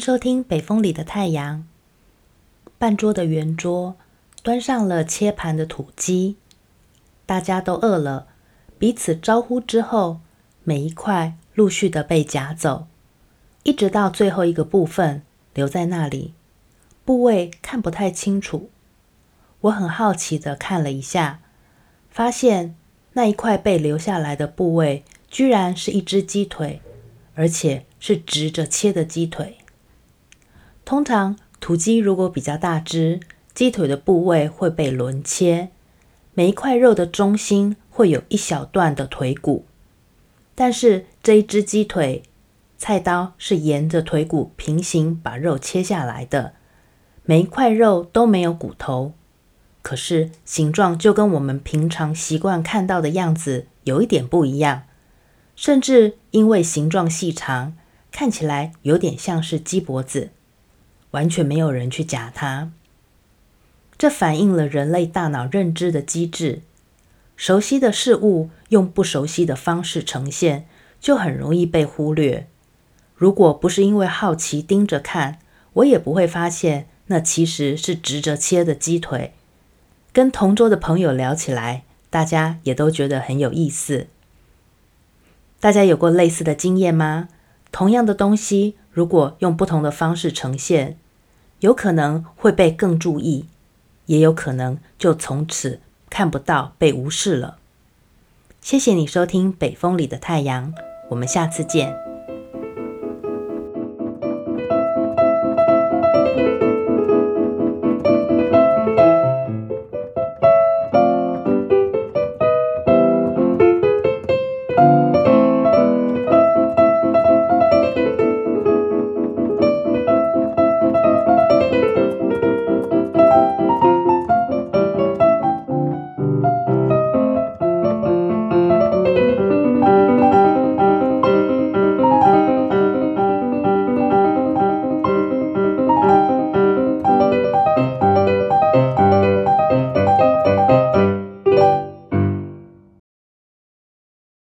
收聽，聽北風裡的太陽。辦桌的圓桌端上了切盤的土雞，大家都餓了，彼此招呼之後，每一塊陸續的被夾走，一直到最後一個部分留在那裡，部位看不太清楚。我很好奇的看了一下，發現那一塊被留下來的部位居然是一只雞腿，而且是直着切的雞腿。通常土雞如果比較大隻，雞腿的部位會被輪切，每一塊肉的中心會有一小段的腿骨。但是這一隻雞腿，菜刀是沿着腿骨平行把肉切下來的，每一塊肉都沒有骨頭，可是形狀就跟我們平常習慣看到的樣子有一點不一樣，甚至因為形狀細長，看起來有點像是雞脖子。完全沒有人去夾它，這反映了人類大腦認知的機制。熟悉的事物用不熟悉的方式呈現，就很容易被忽略。如果不是因為好奇盯着看，我也不會發現那其實是直着切的雞腿。跟同桌的朋友聊起來，大家也都覺得很有意思。大家有過類似的經驗嗎？同樣的東西，如果用不同的方式呈現，有可能會被更注意，也有可能就從此看不到，被無視了。謝謝你收聽《北風裡的太陽》，我們下次見。